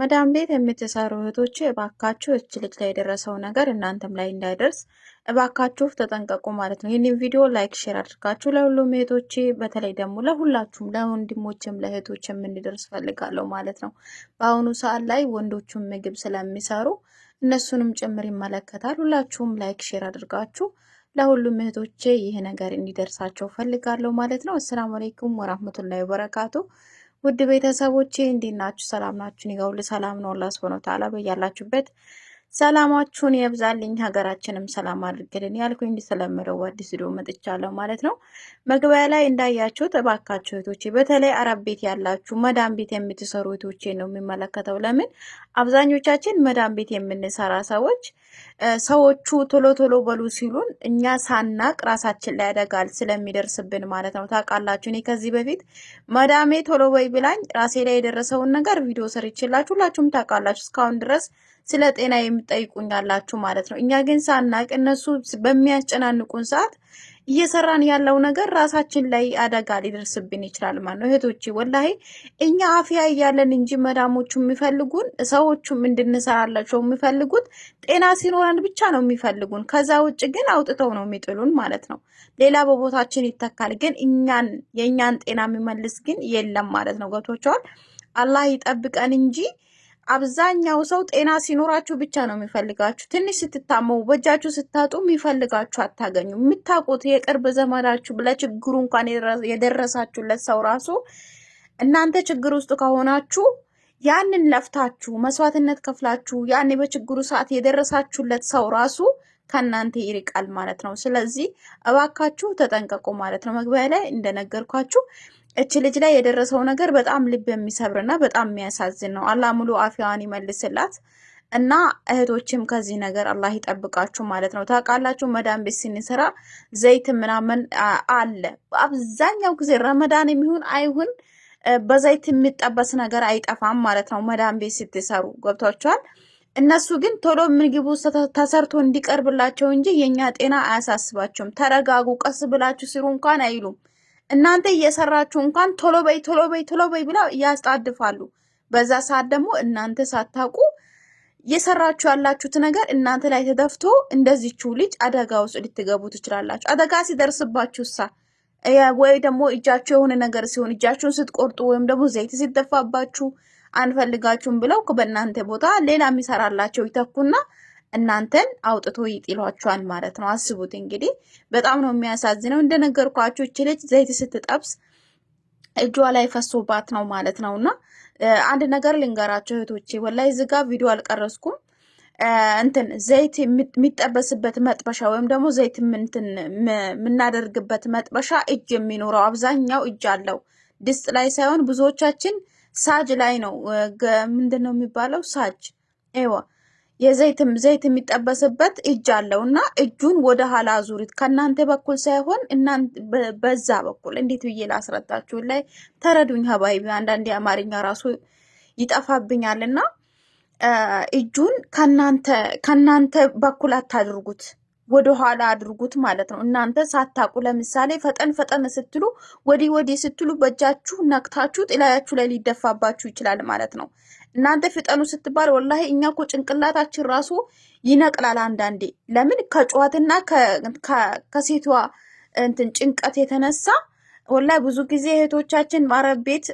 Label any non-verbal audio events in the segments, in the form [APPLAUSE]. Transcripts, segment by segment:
መዳም ቤት የምትሰሩ እህቶች እባካችሁ እች ልጅ ላይ የደረሰው ነገር እናንተም ላይ እንዳይደርስ እባካችሁ ተጠንቀቁ ማለት ነው። ይህን ቪዲዮ ላይክ፣ ሼር አድርጋችሁ ለሁሉም እህቶች በተለይ ደግሞ ለሁላችሁም ለወንድሞችም ለእህቶችም እንድደርስ ፈልጋለሁ ማለት ነው። በአሁኑ ሰዓት ላይ ወንዶቹም ምግብ ስለሚሰሩ እነሱንም ጭምር ይመለከታል። ሁላችሁም ላይክ፣ ሼር አድርጋችሁ ለሁሉም እህቶቼ ይህ ነገር እንዲደርሳቸው ፈልጋለሁ ማለት ነው። አሰላሙ አሌይኩም ወራህመቱላሂ ወበረካቱ ውድ ቤተሰቦቼ እንዴት ናችሁ? ሰላም ናችሁ? እኔ ሰላም ነው። አላህ ሱብሃነሁ ወተዓላ በያላችሁበት ሰላማችሁን ያብዛልኝ፣ ሀገራችንም ሰላም አድርግልን ያልኩኝ እንደተለመደው አዲስ ቪዲዮ መጥቻለሁ ማለት ነው። መግቢያ ላይ እንዳያችሁ እባካችሁ እህቶቼ፣ በተለይ አረብ ቤት ያላችሁ መዳም ቤት የምትሰሩ እህቶቼ ነው የሚመለከተው። ለምን አብዛኞቻችን መዳም ቤት የምንሰራ ሰዎች ሰዎቹ ቶሎ ቶሎ በሉ ሲሉን እኛ ሳናቅ ራሳችን ላይ ያደጋል ስለሚደርስብን ማለት ነው። ታውቃላችሁ፣ እኔ ከዚህ በፊት መዳሜ ቶሎ በይ ብላኝ ራሴ ላይ የደረሰውን ነገር ቪዲዮ ይችላችሁ፣ ሁላችሁም ታውቃላችሁ እስካሁን ድረስ ስለ ጤና የሚጠይቁኝ አላችሁ ማለት ነው። እኛ ግን ሳናቅ እነሱ በሚያጨናንቁን ሰዓት እየሰራን ያለው ነገር ራሳችን ላይ አደጋ ሊደርስብን ይችላል ማለት ነው። እህቶች ወላሂ እኛ አፍያ እያለን እንጂ መዳሞቹ የሚፈልጉን ሰዎቹም እንድንሰራላቸው የሚፈልጉት ጤና ሲኖረን ብቻ ነው የሚፈልጉን። ከዛ ውጭ ግን አውጥተው ነው የሚጥሉን ማለት ነው። ሌላ በቦታችን ይተካል፣ ግን እኛን የእኛን ጤና የሚመልስ ግን የለም ማለት ነው። ገብቷቸዋል። አላህ ይጠብቀን እንጂ አብዛኛው ሰው ጤና ሲኖራችሁ ብቻ ነው የሚፈልጋችሁ። ትንሽ ስትታመሙ በእጃችሁ ስታጡ የሚፈልጋችሁ አታገኙ። የምታውቁት የቅርብ ዘመናችሁ ለችግሩ እንኳን የደረሳችሁለት ሰው ራሱ እናንተ ችግር ውስጥ ከሆናችሁ ያንን ለፍታችሁ መስዋዕትነት ከፍላችሁ ያኔ በችግሩ ሰዓት የደረሳችሁለት ሰው ራሱ ከእናንተ ይርቃል ማለት ነው። ስለዚህ እባካችሁ ተጠንቀቁ ማለት ነው። መግቢያ ላይ እንደነገርኳችሁ እች ልጅ ላይ የደረሰው ነገር በጣም ልብ የሚሰብርና በጣም የሚያሳዝን ነው። አላህ ሙሉ አፊዋን ይመልስላት እና እህቶችም ከዚህ ነገር አላህ ይጠብቃችሁ ማለት ነው። ታውቃላችሁ መዳን ቤት ስንሰራ ዘይት ምናምን አለ። በአብዛኛው ጊዜ ረመዳን የሚሆን አይሁን በዘይት የሚጠበስ ነገር አይጠፋም ማለት ነው። መዳን ቤት ስትሰሩ ገብቷችኋል። እነሱ ግን ቶሎ ምግቡ ተሰርቶ እንዲቀርብላቸው እንጂ የእኛ ጤና አያሳስባቸውም። ተረጋጉ፣ ቀስ ብላችሁ ስሩ እንኳን አይሉም። እናንተ እየሰራችሁ እንኳን ቶሎ በይ ቶሎ በይ ቶሎ በይ ብላ ያስጣድፋሉ። በዛ ሰዓት ደግሞ እናንተ ሳታውቁ እየሰራችሁ ያላችሁት ነገር እናንተ ላይ ተደፍቶ እንደዚችው ልጅ አደጋ ውስጥ ልትገቡ ትችላላችሁ። አደጋ ሲደርስባችሁ ሳ ወይ ደግሞ እጃችሁ የሆነ ነገር ሲሆን እጃችሁን ስትቆርጡ ወይም ደግሞ ዘይት ሲደፋባችሁ አንፈልጋችሁም ብለው በእናንተ ቦታ ሌላ የሚሰራላቸው ይተኩና እናንተን አውጥቶ ይጥሏችኋል ማለት ነው። አስቡት እንግዲህ በጣም ነው የሚያሳዝነው። እንደነገርኳችሁ ይች ልጅ ዘይት ስትጠብስ እጇ ላይ ፈሶባት ነው ማለት ነው። እና አንድ ነገር ልንገራቸው እህቶቼ፣ ወላይ ዝጋ ቪዲዮ አልቀረስኩም። እንትን ዘይት የሚጠበስበት መጥበሻ ወይም ደግሞ ዘይት ምንትን የምናደርግበት መጥበሻ እጅ የሚኖረው አብዛኛው እጅ አለው። ድስት ላይ ሳይሆን ብዙዎቻችን ሳጅ ላይ ነው ምንድን ነው የሚባለው ሳጅ የዘይትም ዘይት የሚጠበስበት እጅ አለው እና እጁን ወደ ኋላ አዙሪት ከእናንተ በኩል ሳይሆን በዛ በኩል እንዴት ብዬ ላስረዳችሁ? ላይ ተረዱኝ ሀባይቢ። አንዳንድ የአማርኛ ራሱ ይጠፋብኛል እና እጁን ከእናንተ በኩል አታድርጉት። ወደኋላ አድርጉት ማለት ነው። እናንተ ሳታቁ ለምሳሌ ፈጠን ፈጠን ስትሉ፣ ወዲህ ወዲህ ስትሉ በእጃችሁ ነክታችሁ ጥላያችሁ ላይ ሊደፋባችሁ ይችላል ማለት ነው። እናንተ ፍጠኑ ስትባል ወላሂ እኛ እኮ ጭንቅላታችን ራሱ ይነቅላል አንዳንዴ። ለምን ከጨዋትና ከሴቷ እንትን ጭንቀት የተነሳ ወላ ብዙ ጊዜ እህቶቻችን ማረብ ቤት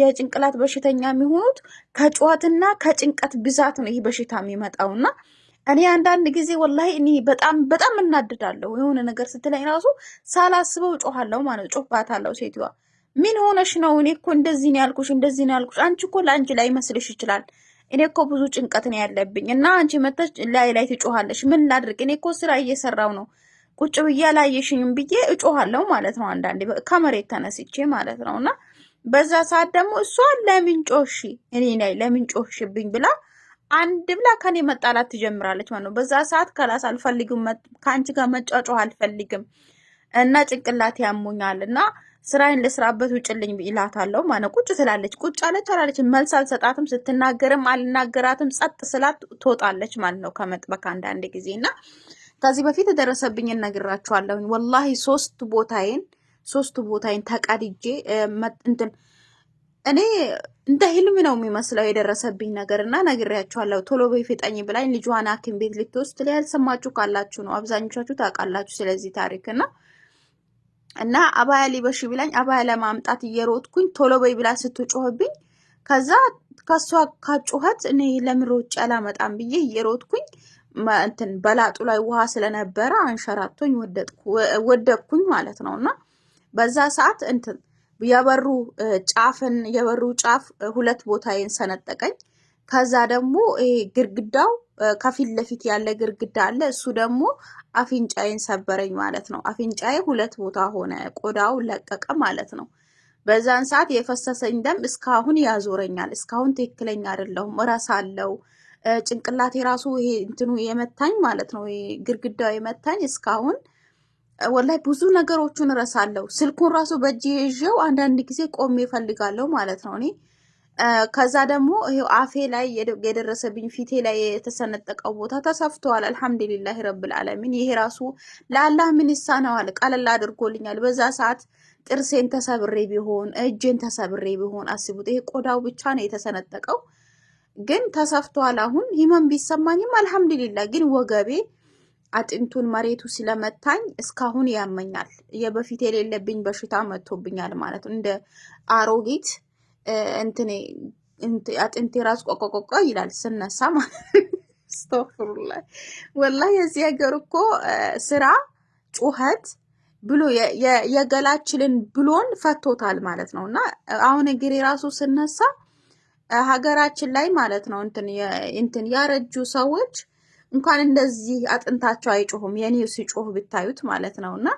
የጭንቅላት በሽተኛ የሚሆኑት ከጨዋትና ከጭንቀት ብዛት ነው ይህ በሽታ የሚመጣውና እኔ አንዳንድ ጊዜ ወላሂ እኔ በጣም በጣም እናድዳለሁ። የሆነ ነገር ስትለኝ ራሱ ሳላስበው ጮኋለሁ ማለት ነው። ጮህባታለሁ። ሴትዋ ምን ሆነሽ ነው? እኔ እኮ እንደዚህ ነው ያልኩሽ፣ እንደዚህ ነው ያልኩሽ። አንቺ እኮ ለአንቺ ላይ መስልሽ ይችላል። እኔ እኮ ብዙ ጭንቀት ነው ያለብኝ እና አንቺ መተሽ ላይ ላይ ትጮኋለሽ። ምን ላድርግ? እኔ እኮ ስራ እየሰራው ነው ቁጭ ብዬ አላየሽኝም ብዬ እጮኋለሁ ማለት ነው። አንዳንዴ ከመሬት ተነስቼ ማለት ነው። እና በዛ ሰዓት ደግሞ እሷን ለምን ጮሺ እኔ ላይ ለምን ጮሽብኝ ብላ አንድ ብላ ከኔ መጣላት ትጀምራለች ማለት ነው። በዛ ሰዓት ከላስ አልፈልግም፣ ከአንቺ ጋር መጫጮህ አልፈልግም እና ጭንቅላት ያሙኛል እና ስራዬን ልስራበት ውጭልኝ ይላታለሁ ማለት ነው። ቁጭ ትላለች። ቁጭ አለች አላለች መልስ አልሰጣትም። ስትናገርም አልናገራትም። ጸጥ ስላት ትወጣለች ማለት ነው ከመጥበቅ አንዳንድ ጊዜ እና ከዚህ በፊት የደረሰብኝ ነግራችኋለሁኝ። ወላሂ ሶስት ቦታዬን ሶስት ቦታዬን ተቀድጄ እንትን እኔ እንደ ህልም ነው የሚመስለው የደረሰብኝ ነገር እና ነግሬያችኋለሁ። ቶሎ በይ ፍጠኝ ብላኝ ልጇን ሐኪም ቤት ልትወስድ ላይ ያልሰማችሁ ካላችሁ ነው አብዛኞቻችሁ ታውቃላችሁ ስለዚህ ታሪክ እና እና አባያ ሊበሽ ብላኝ አባያ ለማምጣት እየሮጥኩኝ ቶሎ በይ ብላ ስትጮህብኝ ከዛ ከሷ ካጩኸት እኔ ለምን ሮጬ አላመጣም ብዬ እየሮጥኩኝ እንትን በላጡ ላይ ውሃ ስለነበረ አንሸራቶኝ ወደቅኩኝ ማለት ነው እና በዛ ሰዓት እንትን የበሩ ጫፍን የበሩ ጫፍ ሁለት ቦታዬን ሰነጠቀኝ። ከዛ ደግሞ ይሄ ግርግዳው ከፊት ለፊት ያለ ግርግዳ አለ። እሱ ደግሞ አፍንጫዬን ሰበረኝ ማለት ነው። አፍንጫዬ ሁለት ቦታ ሆነ፣ ቆዳው ለቀቀ ማለት ነው። በዛን ሰዓት የፈሰሰኝ ደም እስካሁን ያዞረኛል። እስካሁን ትክክለኛ አይደለሁም፣ እረሳለሁ። ጭንቅላቴ ራሱ ይሄ እንትኑ የመታኝ ማለት ነው፣ ግርግዳው የመታኝ እስካሁን ወላይ ብዙ ነገሮቹን እረሳለሁ። ስልኩን ራሱ በእጅ ይዤው አንዳንድ ጊዜ ቆሜ እፈልጋለሁ ማለት ነው እኔ ከዛ ደግሞ ይሄው አፌ ላይ የደረሰብኝ ፊቴ ላይ የተሰነጠቀው ቦታ ተሰፍተዋል። አልሐምዱሊላህ ረብል ዓለሚን። ይሄ ራሱ ለአላህ ምን ይሳነዋል? ቀለል አድርጎልኛል። በዛ ሰዓት ጥርሴን ተሰብሬ ቢሆን እጄን ተሰብሬ ቢሆን አስቡት። ይሄ ቆዳው ብቻ ነው የተሰነጠቀው፣ ግን ተሰፍተዋል። አሁን ህመም ቢሰማኝም አልሐምዱሊላህ ግን ወገቤ አጥንቱን መሬቱ ስለመታኝ እስካሁን ያመኛል። የበፊት የሌለብኝ በሽታ መጥቶብኛል ማለት ነው። እንደ አሮጊት እንትኔ አጥንቴ ራስ ቆቆቆቆ ይላል ስነሳ ማለት ስተፍሩላ ወላ የዚህ ሀገር እኮ ስራ ጩኸት ብሎ የገላችልን ብሎን ፈቶታል ማለት ነው። እና አሁን እግሬ ራሱ ስነሳ ሀገራችን ላይ ማለት ነው እንትን ያረጁ ሰዎች እንኳን እንደዚህ አጥንታቸው አይጮሁም። የኔ ሲጮህ ብታዩት ማለት ነው። እና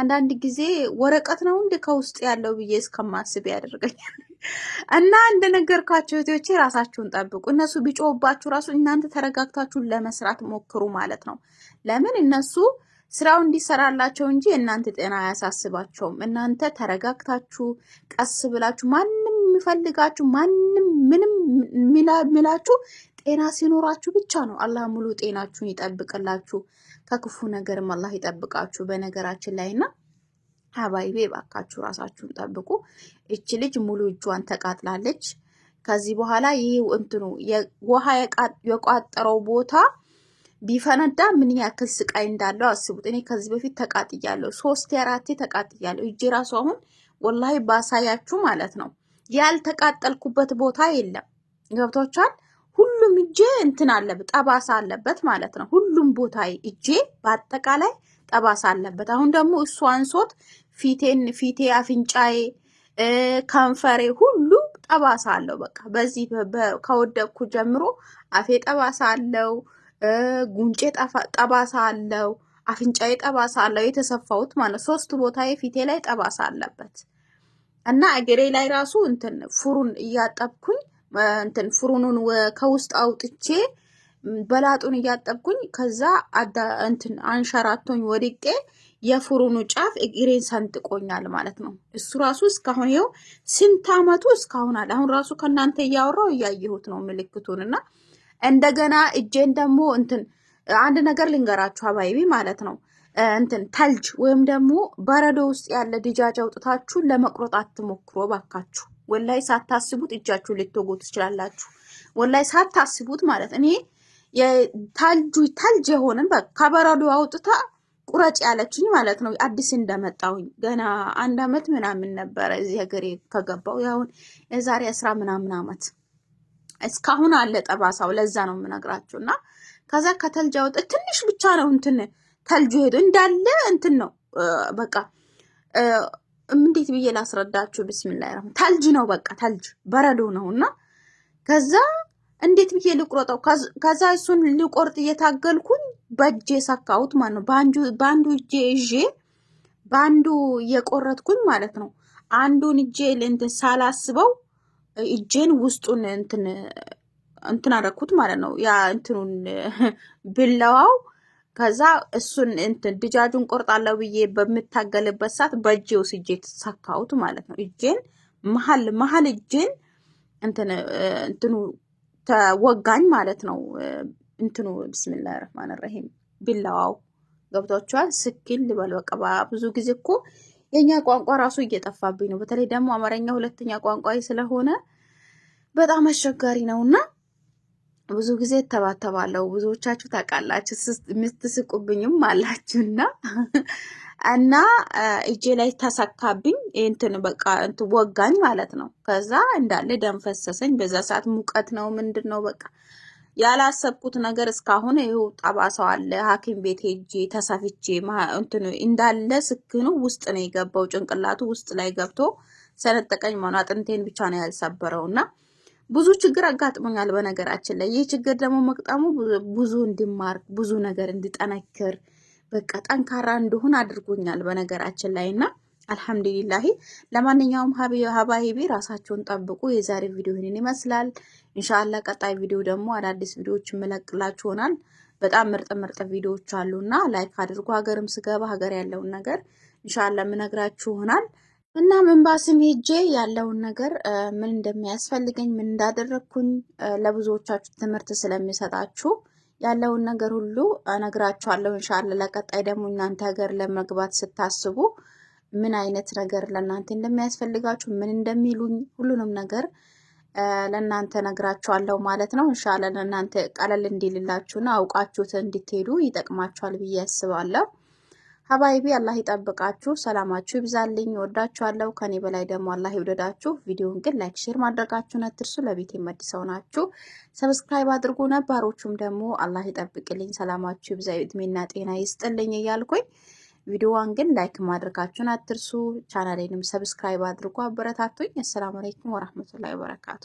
አንዳንድ ጊዜ ወረቀት ነው እንዲ ከውስጥ ያለው ብዬ እስከማስብ ያደርገኛል። [LAUGHS] እና እንደነገርኳቸው እህቶቼ ራሳችሁን ጠብቁ። እነሱ ቢጮሁባችሁ ራሱ እናንተ ተረጋግታችሁን ለመስራት ሞክሩ ማለት ነው። ለምን እነሱ ስራው እንዲሰራላቸው እንጂ እናንተ ጤና አያሳስባቸውም። እናንተ ተረጋግታችሁ ቀስ ብላችሁ ማንም የሚፈልጋችሁ ማንም ምንም ሚላችሁ ጤና ሲኖራችሁ ብቻ ነው። አላህ ሙሉ ጤናችሁን ይጠብቅላችሁ፣ ከክፉ ነገርም አላህ ይጠብቃችሁ። በነገራችን ላይ እና ሀባይቤ ባካችሁ ራሳችሁን ጠብቁ። እች ልጅ ሙሉ እጇን ተቃጥላለች። ከዚህ በኋላ ይህ እንትኑ ውሃ የቋጠረው ቦታ ቢፈነዳ ምን ያክል ስቃይ እንዳለው አስቡት። እኔ ከዚህ በፊት ተቃጥያለሁ፣ ሶስት አራቴ ተቃጥያለሁ። እጅ ራሱ አሁን ወላሂ ባሳያችሁ ማለት ነው ያልተቃጠልኩበት ቦታ የለም። ገብቷችኋል። ሁሉም እጄ እንትን አለበት ጠባሳ አለበት ማለት ነው። ሁሉም ቦታ እጄ በአጠቃላይ ጠባሳ አለበት። አሁን ደግሞ እሱ አንሶት ፊቴን ፊቴ፣ አፍንጫዬ፣ ከንፈሬ ሁሉ ጠባሳ አለው። በቃ በዚህ ከወደቅኩ ጀምሮ አፌ ጠባሳ አለው፣ ጉንጬ ጠባሳ አለው፣ አፍንጫዬ ጠባሳ አለው። የተሰፋሁት ማለት ሶስት ቦታ ፊቴ ላይ ጠባሳ አለበት እና እግሬ ላይ ራሱ እንትን ፉሩን እያጠብኩኝ እንትን ፍሩኑን ከውስጥ አውጥቼ በላጡን እያጠብኩኝ ከዛ እንትን አንሸራቶኝ ወድቄ የፍሩኑ ጫፍ እግሬን ሰንጥቆኛል ማለት ነው። እሱ ራሱ እስካሁን ይኸው ስንት አመቱ እስካሁን አለ። አሁን ራሱ ከእናንተ እያወራው እያየሁት ነው ምልክቱን እና እንደገና እጄን ደግሞ እንትን አንድ ነገር ልንገራችሁ አባይቢ ማለት ነው እንትን ተልጅ ወይም ደግሞ በረዶ ውስጥ ያለ ድጃጅ አውጥታችሁ ለመቁረጥ አትሞክሮ ባካችሁ ወላይ ሳታስቡት እጃችሁ ልትወጉ ትችላላችሁ። ወላይ ሳታስቡት ማለት እኔ የታልጁ ታልጅ የሆንን ከበረዶ አውጥታ ቁረጭ ያለችኝ ማለት ነው። አዲስ እንደመጣሁኝ ገና አንድ አመት ምናምን ነበረ እዚህ ሀገር ከገባው ያሁን የዛሬ አስራ ምናምን አመት እስካሁን አለ ጠባሳው። ለዛ ነው የምነግራችሁ። እና ከዛ ከተልጅ አውጥ ትንሽ ብቻ ነው እንትን ተልጁ ሄዶ እንዳለ እንትን ነው በቃ እንዴት ብዬ ላስረዳችሁ? ብስምላ ራ ታልጅ ነው በቃ ታልጅ በረዶ ነው። እና ከዛ እንዴት ብዬ ልቁረጠው? ከዛ እሱን ልቆርጥ እየታገልኩኝ በእጄ ሰካሁት ማለት ነው። በአንዱ እጄ እዤ በአንዱ እየቆረጥኩኝ ማለት ነው። አንዱን እጄ እንትን ሳላስበው እጄን ውስጡን እንትን እንትን አደረኩት ማለት ነው። ያ እንትኑን ብለዋው ከዛ እሱን እንትን ድጃጁን ቆርጣለሁ ብዬ በምታገልበት ሰዓት በእጄ ውስጄ ተሳካሁት ማለት ነው። እጄን መሀል መሀል እጄን እንትኑ ተወጋኝ ማለት ነው። እንትኑ ብስሚላ ረህማን ረሂም ቢላዋው ገብቷቸዋል። ስኪል ልበል በቃ። ብዙ ጊዜ እኮ የእኛ ቋንቋ ራሱ እየጠፋብኝ ነው። በተለይ ደግሞ አማርኛ ሁለተኛ ቋንቋ ስለሆነ በጣም አስቸጋሪ ነውና ብዙ ጊዜ እተባተባለሁ። ብዙዎቻችሁ ታውቃላችሁ፣ የምትስቁብኝም አላችሁ እና [LAUGHS] እና እጄ ላይ ተሰካብኝ እንትን በቃ እንትን ወጋኝ ማለት ነው። ከዛ እንዳለ ደም ፈሰሰኝ። በዛ ሰዓት ሙቀት ነው ምንድን ነው በቃ ያላሰብኩት ነገር እስካሁን ይኸው ጠባሳው አለ። ሐኪም ቤት ሄጄ ተሰፍቼ እንትን እንዳለ ስክኑ ውስጥ ነው የገባው ጭንቅላቱ ውስጥ ላይ ገብቶ ሰነጠቀኝ። መሆኑ አጥንቴን ብቻ ነው ያልሰበረው እና ብዙ ችግር አጋጥሞኛል። በነገራችን ላይ ይህ ችግር ደግሞ መቅጠሙ ብዙ እንዲማርክ ብዙ ነገር እንዲጠነክር በቃ ጠንካራ እንደሆን አድርጎኛል። በነገራችን ላይ እና አልሐምዱሊላሂ። ለማንኛውም ሀባይቢ ራሳቸውን ጠብቁ። የዛሬ ቪዲዮ ይህንን ይመስላል። እንሻላ ቀጣይ ቪዲዮ ደግሞ አዳዲስ ቪዲዮዎች የምለቅላችሁ ይሆናል። በጣም ምርጥ ምርጥ ቪዲዮዎች አሉና ላይክ አድርጎ ሀገርም ስገባ ሀገር ያለውን ነገር እንሻላ የምነግራችሁ ይሆናል። እናም እምባስም ሄጄ ያለውን ነገር ምን እንደሚያስፈልገኝ ምን እንዳደረግኩኝ ለብዙዎቻችሁ ትምህርት ስለሚሰጣችሁ ያለውን ነገር ሁሉ እነግራችኋለሁ። እንሻለ ለቀጣይ ደግሞ እናንተ ሀገር ለመግባት ስታስቡ ምን አይነት ነገር ለእናንተ እንደሚያስፈልጋችሁ ምን እንደሚሉኝ ሁሉንም ነገር ለእናንተ ነግራችኋለሁ ማለት ነው። እንሻለ ለእናንተ ቀለል እንዲልላችሁና አውቃችሁት እንድትሄዱ ይጠቅማችኋል ብዬ አስባለሁ። ሀባይቢ አላህ ይጠብቃችሁ፣ ሰላማችሁ ይብዛልኝ። ወዳችኋለሁ። ከኔ በላይ ደግሞ አላህ ይውደዳችሁ። ቪዲዮውን ግን ላይክ፣ ሼር ማድረጋችሁን አትርሱ። ለቤት የመድሰው ናችሁ ሰብስክራይብ አድርጉ። ነባሮቹም ደግሞ አላህ ይጠብቅልኝ፣ ሰላማችሁ ይብዛ፣ እድሜና ጤና ይስጥልኝ እያልኩኝ ቪዲዮዋን ግን ላይክ ማድረጋችሁን አትርሱ። ቻናሌንም ሰብስክራይብ አድርጉ፣ አበረታቱኝ። አሰላሙ አለይኩም ወራህመቱላሂ ወበረካቱ።